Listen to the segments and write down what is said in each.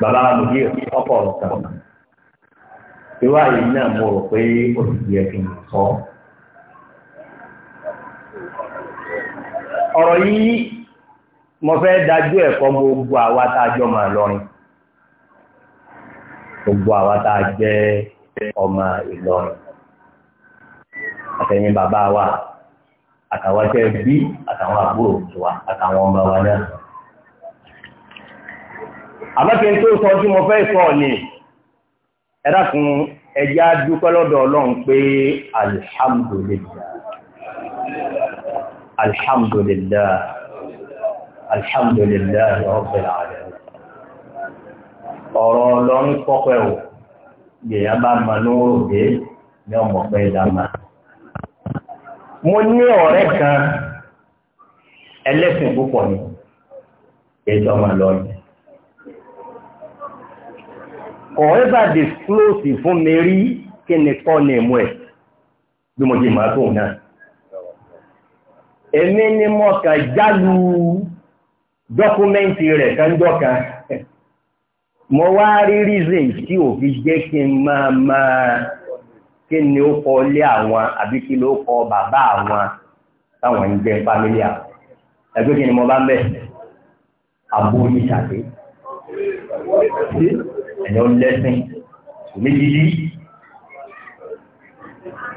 bàbá àlùyé ọkọ̀ ọ̀sán ìwà yìí náà mo rò pé ó sì yẹ kí n sọ. ọ̀rọ̀ yìí mo fẹ́ dájú ẹ̀kọ́ gbogbo àwa tá a jọ máa lọrin gbogbo àwa tá a jẹ́ ọmọ Ìlọrin àtẹ̀yìn bàbá wa àtàwọn tẹ́ bí àtàwọn àbúrò wa àtàwọn ọmọ wa náà àmọ́kẹ́ tó sọ tí mo fẹ́ sọ ni ẹ dákun ẹjẹ́ á dúpẹ́ lọ́dọ̀ ọlọ́run pé alhamdulillah alhamdulillah alhamdulillah rabbil alamin ọ̀rọ̀ ọlọ́run pọ́pẹ́ o gbèyà bá ma ní òde ní ọmọ pẹ́ ìdámà mo ní ọ̀rẹ́ kan ẹlẹ́sìn púpọ̀ ni ètò ọmọ lọ́yìn kọ̀ ẹ́bà disclose fún mi rí kí ni kọ́ ní ìmú ẹ̀ bí mo jẹ máa tó náà èmi ni mo kà jálù dọ́kúmẹ́ǹtì rẹ̀ kánjọ́ka mo wá rí reason tí ò fi jẹ́ kí n máa máa kí ni ó kọ lé àwọn àbí kí ló kọ bàbá àwọn táwọn ń jẹ fámílì àwọn ẹgbẹ́ kí ni mo bá ń bẹ̀ àbúrò yìí ṣàdé ẹ̀yọ́ lẹ́sìn òní gidi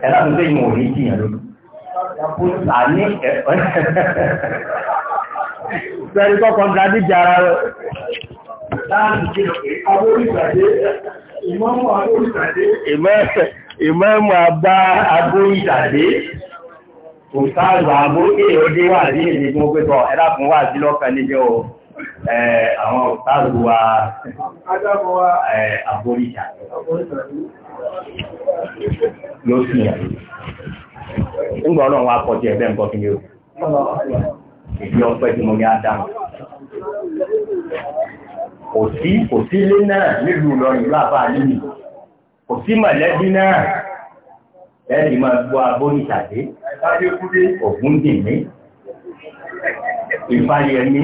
ẹ̀lá tó tẹ́yìn wọ̀n ní jìyàn lórí àní ẹ̀fẹ́ sẹ́rí kọ́kọ́ dáadíjì ara rẹ̀ láàrín ìmọ́mù àbá abóyìtàdé kò sáàrù àbóyè òdíwà sí ìdíkún pẹ́tọ̀ ẹ̀dá fún wà sí lọ́kàn níjẹ́ ọ̀rọ̀ àwọn òtàrù wa àbóríjà ló sì yàn nígbà ọlọ́run wa kọjú ẹgbẹ́ nǹkan kí ni o ìdí ọpẹ́ tí mo ní ádámù kò sí kò sí ilé náà nílùú lọrin lábá nínú kò sí mọ̀lẹ́bí náà ẹ̀rì máa gbọ́ abóríjà dé ògúndìmí ìfàyẹ̀mí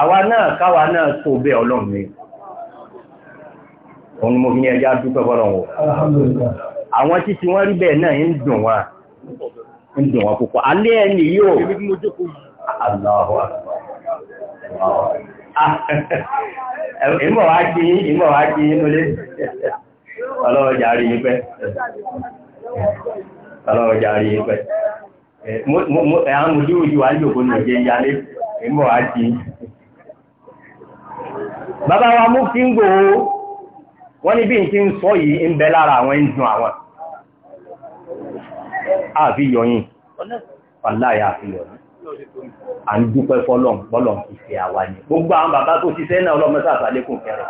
àwa náà káwa náà tó bẹ́ ọlọ́run ni òun ni mo fi ní ẹjá dúpẹ́ bọ́lọ̀ wọ̀ àwọn tí ti wọ́n rí bẹ́ẹ̀ náà ń dùn wọn ń dùn wọn púpọ̀ alẹ́ ẹni yóò ah, ìmọ̀ wá kí ìmọ̀ wá kí nílé ọlọ́run jàrí yín pẹ́ ọlọ́run jàrí yín pẹ́ àwọn ojú ojú wa jòkó ní ọjẹ́ ìyálé ìmọ̀ àti bàbá wa mú kí ń gbò wọ́n ní bí n ti ń sọ yìí ń bẹ lára àwọn ń àwọn àfi yọyìn wàláyà àfi yọyìn à ń dúpẹ́ fọ́lọ̀n fọ́lọ̀n ti fẹ́ àwa ni gbogbo àwọn bàbá tó ṣiṣẹ́ náà ọlọ́mọta àtàlékùn fẹ́rẹ̀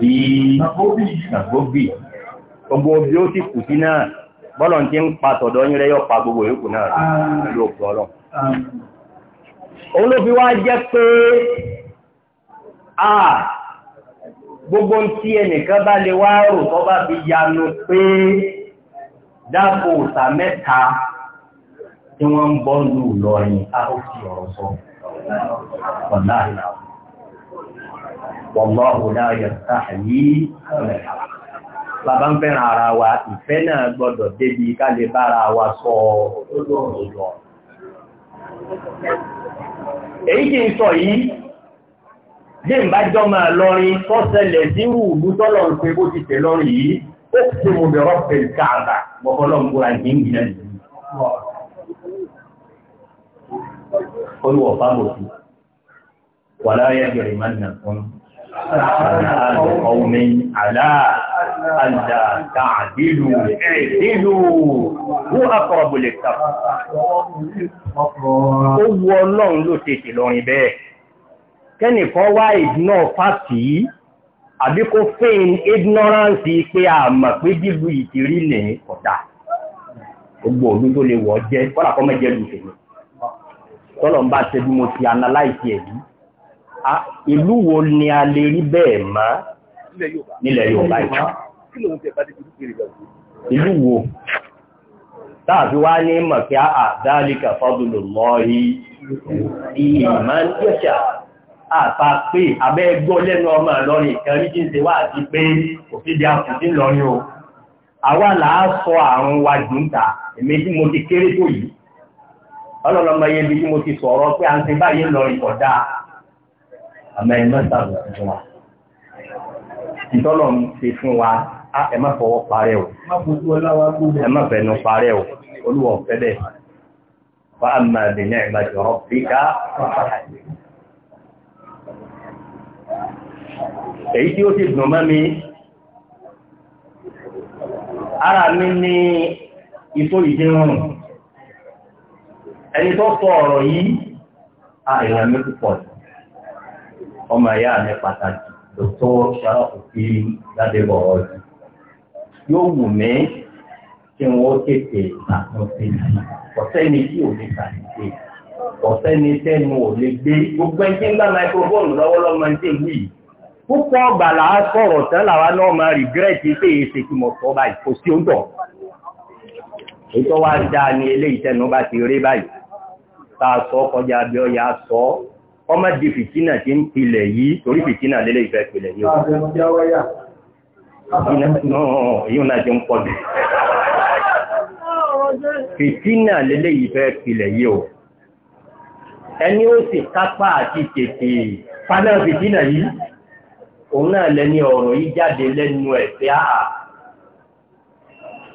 sí àgbóbì gbogbo bí ó sì kù sí náà bọ́lọ̀ tí ń pa tọ̀dọ̀ gbogbo yòókù náà ló gbọ́rọ̀ òun ló fi wá jẹ́ pé à gbogbo tí ẹnìkan bá lè wá rò bá fi yanu pé dáàbò òsà mẹ́ta tí wọ́n ń bọ́ lù ó wallahu la yastahyi bàbá ń fẹ́ràn ara wa ìfẹ́ náà gbọ́dọ̀ débi ká lè bára wa sọ ọ̀rọ̀ èyí kí n sọ yìí dé ń bá jọmọ lọrin tọ́sẹlẹ̀ sírù ìlú tọ́lọ̀ ń pe bó ti tẹ̀ lọrin yìí ó ti mú bẹ̀rọ̀ pẹ̀lú káàbà bọ́bọ́lọ́ fún سأل قوم على ألا تعدلوا اعدلوا هو أقرب للتقوى هو الله ló tètè lọ́rin bẹ́ẹ̀ kẹ́nìkan wá ìdínà fàtí àbí kó feign ignorance pé àmọ̀ pé bíbu ìtìrí ní ọ̀dà gbogbo òbí lè wọ́ jẹ́ kọ́lá kọ́ mẹ́jẹ́ lù tọ́lọ̀ ń bá ṣe mo ti analyze ẹ̀ yìí ìlú wo ni a lè rí bẹ́ẹ̀ mọ́ nílẹ̀ Yorùbá ìlú wo tààfi wá ní mọ̀kí àdálíkà fọ́dúlù lọ́rí ìmọ̀ yẹ́ṣà àpá pé abẹ́ lẹ́nu ọmọ lọ́rin ìkan rí àti pé kò àkùnrin o àrùn wa èmi tí mo ti kéré tó yìí ọlọ́lọ́mọ bí mo àmọ́ ẹ má sàbò fún wa ìtọ́lọ̀ ń ṣe fún wa ẹ má fọwọ́ parẹ́ o ẹ má fẹnu parẹ́ o olúwa ọ̀fẹ́ bẹ́ẹ̀ wà á èyí tí ó ti dùn mọ́ mi ara mi ní ìfó ìdíhùn ẹni tó sọ ọ̀rọ̀ yìí àìrànmí púpọ̀ yìí ọmọ ìyá mi pàtàkì dòtó Sharafuddeen Gbádébọ̀ ọ̀dù yóò wù mí kí n ó tètè àtúnṣe sí ọ̀sẹ́ni tí ò ní kàdídé ọ̀sẹ́ni tẹ́nu ò lè gbé gbogbo ẹni tí ń gbà máikrófóònù lọ́wọ́lọ́wọ́ máa ń tẹ̀ wí púpọ̀ ọgbà là á sọ̀rọ̀ tán làwa náà máa rìgírẹ́tì pé èyí ṣe kí mo sọ báyìí kò ní eléyìí tẹnu bá ti rí báyìí tá a sọ kọjá bí ọ yà á ọmọ di fìtínà tí ń pilẹ̀ yìí torí fìtínà lélẹ̀ ìfẹ́ pilẹ̀ yìí ìyún náà ti ń pọ̀ jù fìtínà lélẹ̀ ìfẹ́ pilẹ̀ yìí o ẹni ó sì kápá àti tètè fádà fìtínà yìí òun náà lẹ́ni ọ̀rọ̀ yìí jáde lẹ́nu ẹ̀ àà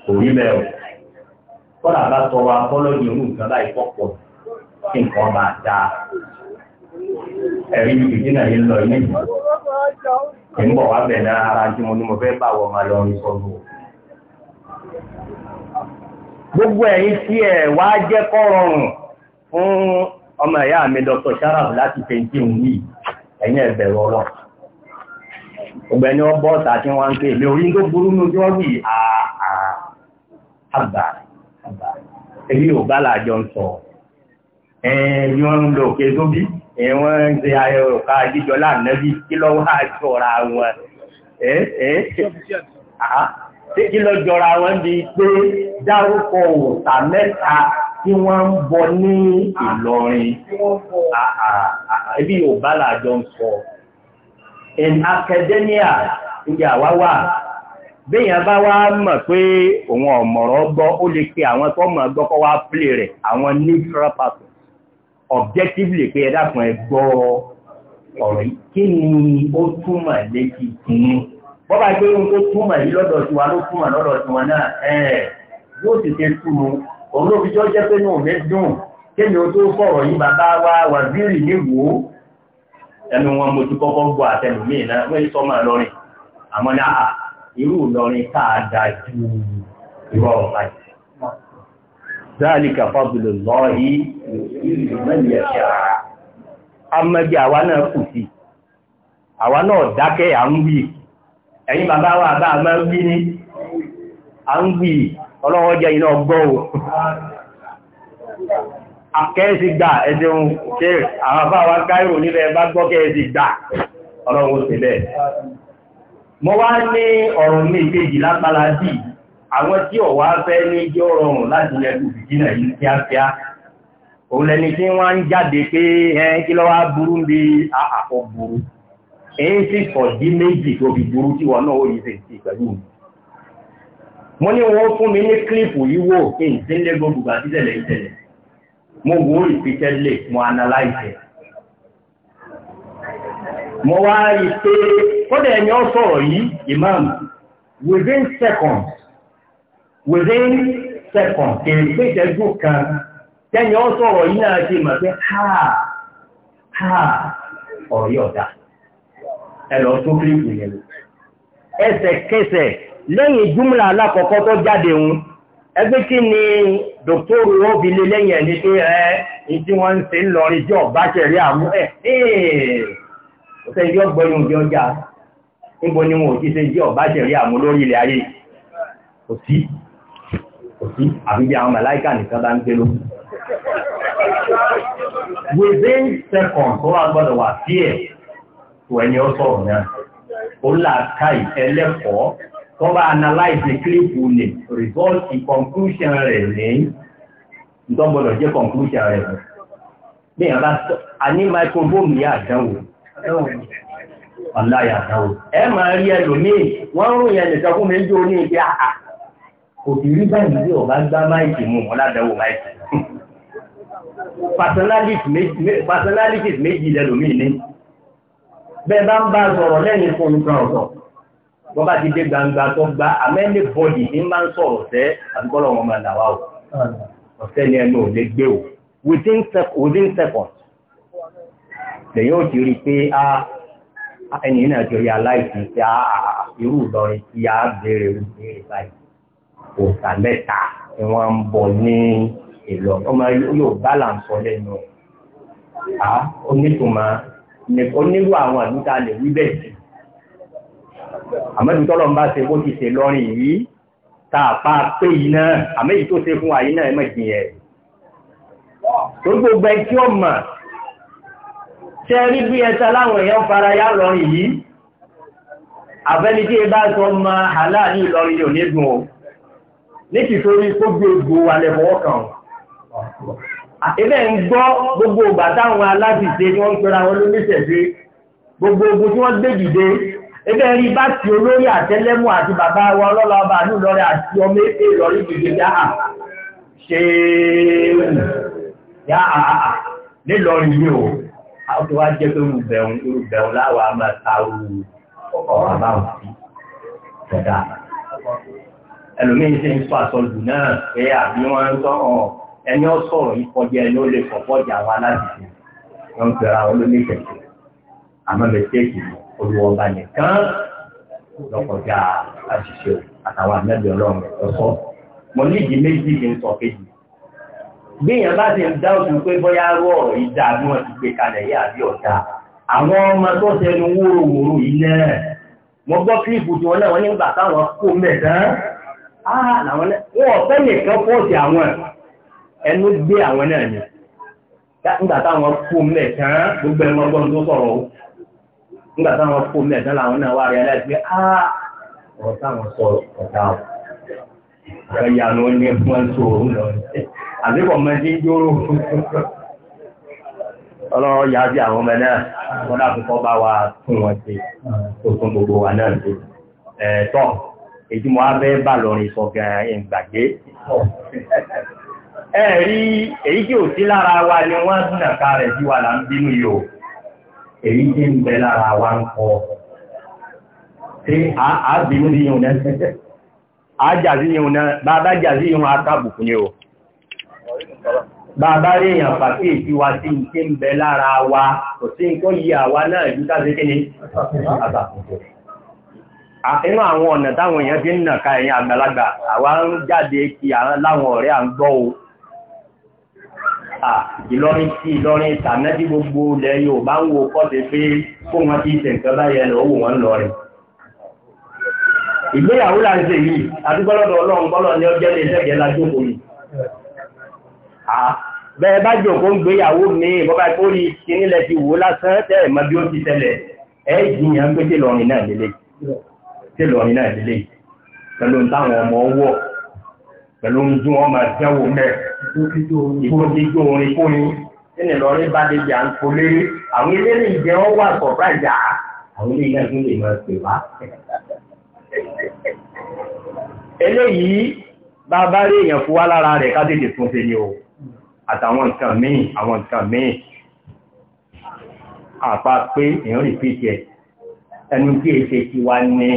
kò rí bẹ́ẹ̀ o kọ́lá bá tọrọ akọ́lọ́yìn orú nǹkan báyìí pọ̀pọ̀ kí nǹkan máa dáa ẹ̀rí ibi dínà yìí lọ ní ẹ̀ ń bọ̀ wá bẹ̀ náà ara tí mo ní mo fẹ́ bá wọ máa lọ rí O gbogbo ẹ̀yin tí ẹ̀ wá jẹ́ kọ́ fún ọmọ ìyá mi Dr. Sharaf láti ṣe tí òun yìí ẹ̀yin ẹ̀bẹ̀rù ọlọ́ ọgbẹ̀ni ọbọ̀ ọ̀tà tí wọ́n ń pè lè orí tó burú ní ojú ọ̀bì àbà èyí ò bá làjọ ń sọ ẹ̀yìn wọ́n ń lo òkè tó bí ìwọ̀n ń ṣe ayẹwo ká jíjọ lánàbí kí lọ wá jọra wọn ṣé kí lọ jọra wọn bí pé dárúkọ òòtà mẹ́ta tí wọ́n ń bọ ní Ìlọrin ibi Yorùbá làjọ ń sọ in academia ìgbà wá wà béèyàn bá wá mọ̀ pé òun ọ̀mọ̀rọ̀ gbọ́ ó lè pe àwọn tó mọ̀ gbọ́ kọ́ wá pílè rẹ̀ àwọn neutral person objectively pé ẹ̀dá kan ẹ gbọ́ ọ̀rọ̀ yìí kí ni ó túmọ̀ létí kìíní bọ́bá pé ohun tó túmọ̀ yìí lọ́dọ̀ tiwa ló túmọ̀ lọ́dọ̀ tiwọn náà ẹ̀ yóò sì ṣe túmọ̀ òun ló fi jọ́ jẹ́ pé náà mi dùn kémi o tó fọ̀rọ̀ yìí bàbá wa wàzírì ní wò ó ẹnu wọn mo ti kọ́kọ́ gbọ́ àtẹnumíì náà wọ́n sọ máa lọrin àmọ́ náà irú lọrin káàdà ju ìrọ̀rùn báyìí dáàlìkà fábùlù lọ́ọ̀hí mẹ́lẹ̀ṣà amẹ́bí àwa náà kù sí àwa náà dákẹ́ à ń wí ẹ̀yin bàbá wa bá a máa ń wí ní à ń wí ọlọ́wọ́ jẹ́ iná ọgbọ́ o akẹ́ẹ̀sì gbà ẹ̀sìn ṣe àwọn bá wa káírò nílẹ̀ bá gbọ́ kẹ́ẹ̀sì gbà ọlọ́wọ́ sí bẹ́ẹ̀ mo wá ní ọ̀rọ̀ mi kejì lápára dìí àwọn tí ọ̀wá fẹ́ ní jẹ́ ọ̀rọ̀rùn láti lẹ́kù fìdínà yìí kíákíá òun lẹni tí wọ́n ń jáde pé ẹ kí lọ́wọ́ burú bí àpò ah, ah, burú èyí sì fọ̀dí méjì tó fi burú tí wọn náà ó yìí sì pẹ̀lú mi mo ní wọn fún mi ní kílípù yìí wò kí n sí lé gbogbo àti tẹ̀lẹ̀ ìtẹ̀lẹ̀ mo wá rí pé kódà ẹni ọ sọ̀rọ̀ yìí imam within seconds within second kèrè pé ìṣẹ́jú kan tẹ́ni ó sọ̀rọ̀ yìí náà ṣe mọ̀ pé ha ha ọ̀rọ̀ yóò dá ẹ lọ tó kílíìpù yẹn ẹsẹ̀kẹsẹ̀ lẹ́yìn júmùlà alákọ̀ọ́kọ́ tó jáde ń ẹgbẹ́ kí ni dòktóru ó lẹ́yìn ẹni pé ẹ ìdí wọn ń ṣe ń lọ ìjọ bá àmú ẹ̀ ọ̀sẹ̀ ìjọ gbọ́yìn ìjọ bá sí àbí bí àwọn màláìkà nìkan bá ń gbé ló. within seconds ó wà gbọ́dọ̀ wà sí ẹ̀ tó ẹni ó sọ̀rọ̀ náà ó là ká ìtẹ́lẹ́kọ̀ọ́ tó bá analyze clip lè result conclusion rẹ̀ lẹ́yìn ìtọ́gbọ́dọ̀ jẹ́ conclusion rẹ̀ lẹ́yìn bí ìyàn bá a ní microphone ní àdánwò ọláyà àdánwò ẹ máa rí ẹlòmíì wọ́n rún yẹn nìkan fún mi ń jó ní ibi àà òbírí báyìí bí ọba gbá máìkì mú wọn ládàáwò máìkì personalities méjì lẹ́lòmí ní bẹ́ẹ̀ bá ń bá sọ̀rọ̀ lẹ́yìn fún nǹkan ọ̀sọ̀ wọ́n bá ti dé gbangba tó gba amẹ́lẹ́ bọ́dì ní máa ń sọ̀rọ̀ sẹ́ àgbọ́lọ̀ wọn máa dàwà o ọ̀sẹ́ ni ẹnu ò lè gbé o within seconds lẹ́yìn ó ti rí pé a ẹni náà ti rí aláìsí sí irú Ìlọrin tí a béèrè rú béèrè báyìí òòsà mẹ́ta ni wọ́n ń bọ ní ìlọ ọmọ yóò bálànsọ lẹ́nu à onítùmọ̀ nìkan nílò àwọn àdúgbò alẹ̀ wíbẹ̀ sí àmọ́ ìdútọ́lọ́ ń bá ṣe bó ti ṣe lọ́rìn yìí tá a pa pé yìí náà àmọ́ èyí tó ṣe fún wa yìí náà ẹ mọ̀ jìyẹn tó gbogbo ẹ tí ó mọ̀ ṣe rí bí ẹta láwọn èèyàn fara yá lọ́rìn yìí àfẹ́ni tí ẹ bá sọ ma àláàní Ìlọrin yóò nígun o ní tìtorí kó gbé egbò wa lẹ́fọwọ́ kan wọn. àtẹ́lẹ̀ ń gbọ́ gbogbo ìgbà táwọn alábìsẹ́ tí wọ́n ń pera wọn lóníṣẹ̀ṣe gbogbo ogun tí wọ́n gbé dìde ebe rí bá ti olórí àtẹlẹ́mú àti bàbá wa ọlọ́lọ́ ọba àánú lọ́rẹ́ àti ọmọ èké lọ́rí dìde yáà ṣe yáà nílọrin ní o àwọn tó wá jẹ́ pé olùbẹ̀rún olùbẹ̀rún láwàá máa ta orú ọ̀rọ̀ àbáwọn sí ọ̀dà ẹlòmíín sì ń sọ àsọlù náà pé àbí wọn ń tọ́ ọ ẹni ó sọ̀rọ̀ yìí kọjá ẹni ó lè fọ̀pọ̀ jà wá láti ṣe wọn ń pera wọn ló ní kẹ̀kẹ́ àmọ́ mẹ́tẹ́ẹ̀kì olùwọ̀nba nìkan lọ́kọjá àṣìṣe àtàwọn àmẹ́bí ọlọ́run ọ̀sọ́ mo ní ìdí méjì kí n sọ kejì bí èèyàn bá ti ń dá òtún pé bóyá rọ ìdá bí wọ́n ti gbé kalẹ̀ yá àbí ọ̀dà àwọn ọmọ tó ṣẹnu wúrowòro yìí náà mo gbọ́ kílíìpù tí wọ́n náà wọ́n nígbà táwọn kó mẹ́tàn Ah, àwọn ọ̀fẹ́ nìkan fọ́ọ̀sì àwọn ẹnu gbé àwọn náà ni nígbà táwọn kú mẹ́ẹ̀tán gbogbo ẹ̀rọ ọgbọ́n tó sọ̀rọ̀ o nígbà táwọn kú mẹ́ẹ̀tán làwọn náà na rí aláìsí á ọ̀rọ̀ táwọn sọ ọ̀tá o ọ̀rọ̀ ìyanu yá àwọn ọmọ náà wọ́n kọ́ bá wa fún wọn ṣe tó fún gbogbo èdè mọ́ abẹ́ bà lọ́rin sọ gan ìgbàgbé ẹ̀rí èyí tí ò sí lára wa ni wọ́n dùnà ká rẹ̀ sí wa là ń bínú yìí o èyí tí ń bẹ lára wa ń kọ ṣé àbínú sí yìí náà àjàzí yìí náà bàbá jàzí yìí wọn ni o bàbá rí èèyàn pàkíyèsí wa sí ìṣe ń bẹ lára wa kò sí nǹkan yìí àwa náà ju ká inú àwọn ọ̀nà táwọn èèyàn ti ń nà ká ẹ̀yìn àgbàlagbà àwa ń jáde kí láwọn ọ̀rẹ́ à ń gbọ́ o ìlọrin tí ìlọrin tàmẹ́tí gbogbo ilẹ̀ Yorùbá ń wo kọ́ ti pé kó wọn ti ṣe nǹkan báyẹn lọ wò wọn lọ rẹ̀ ìgbéyàwó là ń ṣe yìí ọlọ́run gbọ́lọ́ ni ó jẹ́ lè ṣẹ́gẹ̀ẹ́ la jókòó yìí bẹ́ẹ̀ bá jòkó ń gbéyàwó mi bọ́bá tó rí kínílẹ̀ ti wò lásán tẹ́ ẹ̀mọ́ bí ó ti tẹ́lẹ̀ ẹ̀ jìyàn gbé tèlò ọ̀rin náà lélẹ̀ pẹ̀lú táwọn ọmọ ọwọ́ pẹ̀lú ń dún ọmọ ìjẹ́wò mẹ́ ìkójíjó orin kóni nínú ìlọrin bá lè jà ń kó lérí àwọn eléyìí ìjẹ́ wọn wà sọ̀ráìjà àwọn eléyìí náà tún lè máa pè wá. eléyìí bá bá rí èèyàn fún wa lára rẹ̀ ká tètè tún ṣe ni o àtàwọn nǹkan míì àwọn nǹkan míì àpá pé èèyàn rìpíìtì ẹ̀ ẹnu tí èsè ti wá ní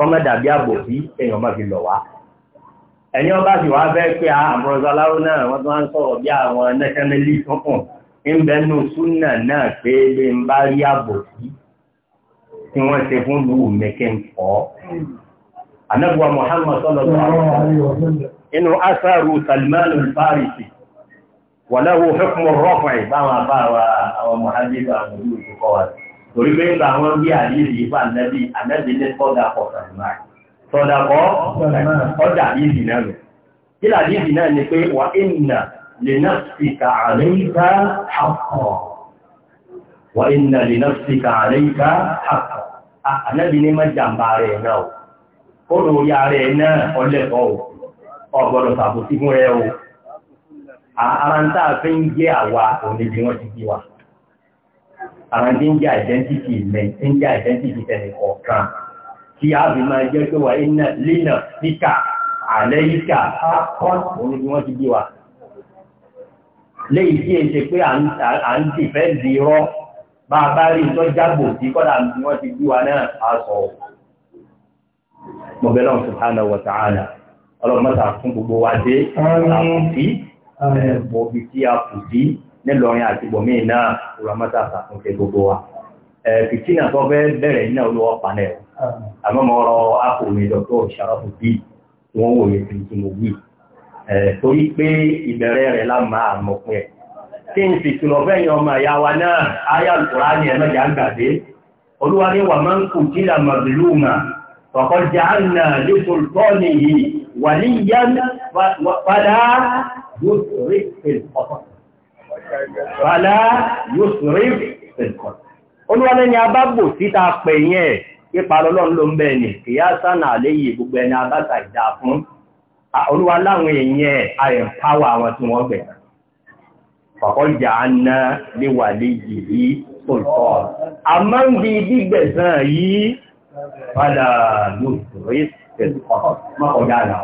kọ́mẹ́dàbí àbòsí èèyàn máa fi lọ wá ẹni ọba sì wá fẹ́ pé àwọn ọ̀sáláró náà wọ́n tó wá ń sọ̀rọ̀ bí àwọn nationally tuntun ń bẹnu súnà náà pé lè ń bá rí àbòsí tí wọ́n ṣe fún lùú mẹ́kẹ́ anábùwà Muhammad sallallahu alaihi wa inú asáru Salman al-Farisi wàláwo hukmu rọ́pọ̀ ìbáwọn àbáwà àwọn mọ̀hábí àwọn olùkọ́ wa sí torí pé nígbà wọn bí àdìsí yìí fún ànábì ànábì ní sọ́dà kọ̀ sàmà sọ́dà kọ́ ọ̀dà àdìsí náà nù kí àdìsí náà ni pé wà ìnà lè náà sì kà àlẹ́yìká àkọ́ wà ìnà lè náà sì kà àlẹ́yìká àkọ́ ànábì ní má jàǹbá rẹ̀ náà ó lò ó rẹ̀ náà ọlẹ́kọ̀ọ́ ọgbọ́dọ̀ àwọn tí ń jẹ́ identity mẹ́ tí ń jẹ́ identity tẹ̀lé kọ̀ọ̀kan tí a fi máa jẹ́ pé wà iná lẹ́nà níkà àlẹ́yíkà akọ́ òun ni wọ́n ti bí wa léyìí tí è ṣe pé à ń ti fẹ́ di rọ́ bá a bá rí tó jágbò tí kọ́dà ni wọ́n ti bí wa náà a sọ mo bẹ̀ lọ́wọ́ subhanahu wa ta'ala ọlọ́mọta fún gbogbo wa dé àwọn kùsí tí a kù sí nílọrin àti bòmí náà ramata ṣàtúnṣe gbogbo wa fìtínà tó fẹ́ bẹ̀rẹ̀ iná olówó panẹ̀ àmọ́mọ́rọ̀ ápòmí dr sharafu b wọ́n wòye tuntun wí torí pé ìbẹ̀rẹ̀ rẹ̀ lámà àmọ̀pin ẹ̀ tí ń fi túnlọ fẹ́ yan ọmọ ìyá wa náà ayá lùkùrá ní ẹ̀mẹ́jà ń gbàdé fàlá yóò sọ̀rọ̀ ìfẹ̀kọ̀. olúwalẹ̀ ni a bá gbò síta pẹ̀ yẹn ipa lọ́lọ́run ló ń bẹ̀ ni kìyà sànà àléyè gbogbo ẹni abáta ìdá fún olúwa láwọn èèyàn àìpáwà àwọn tí wọ́n gbẹ̀. ọ̀kọ́jà aná léwà mọ́kànlá náà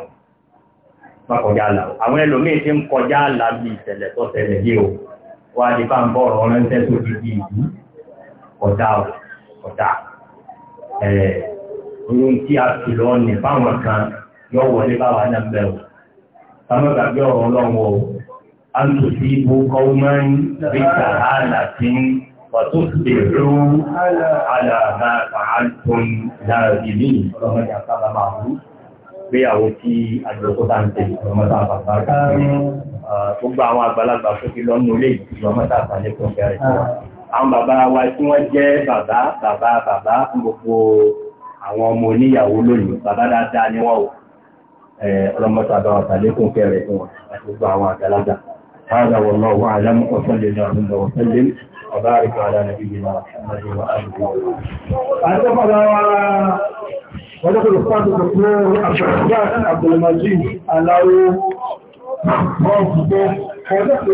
má kọjá àlà o àwọn ẹlòmíín ti ń kọjá àlà bí ìṣẹ̀lẹ̀ tó ṣẹlẹ̀ yìí o wá di bá ń bọ̀ ọ̀rọ̀ ránṣẹ́ tó di di ìlú kọjá o kọjá ẹ̀ ohun tí a fi lọ ní báwọn kan yọ wọlé báwa náà bẹ̀ o sáwọn gbàgbé ọ̀rọ̀ ti rú àlàmà fàálùkùn láàrin ní ọlọ́mọdé àtàlàmà àbúrú gbéyàwó tí àjọkó bá ń tẹ̀lé ìrọmọ́ta àbàbà rẹ̀. Gbogbo àwọn àgbàlagbà tó fi lọ́nu ilé ìrọmọ́ta àbàlẹ̀ fún ọ̀gá rẹ̀. Àwọn bàbá wa tí wọ́n jẹ́ bàbá bàbá bàbá fún gbogbo àwọn ọmọ oníyàwó lónìí, bàbá dáadáa ni wọ́n Ọlọ́mọ́ta àbàbà àbàlẹ̀ fún ọ̀gá rẹ̀ fún wọn àti gbogbo هذا والله أعلم وصلى اللهم وسلم وبارك على نبينا محمد وآله وصحبه. ودخل الصادق الدكتور عبد الرحمن عبد المجيد علاوي ودخل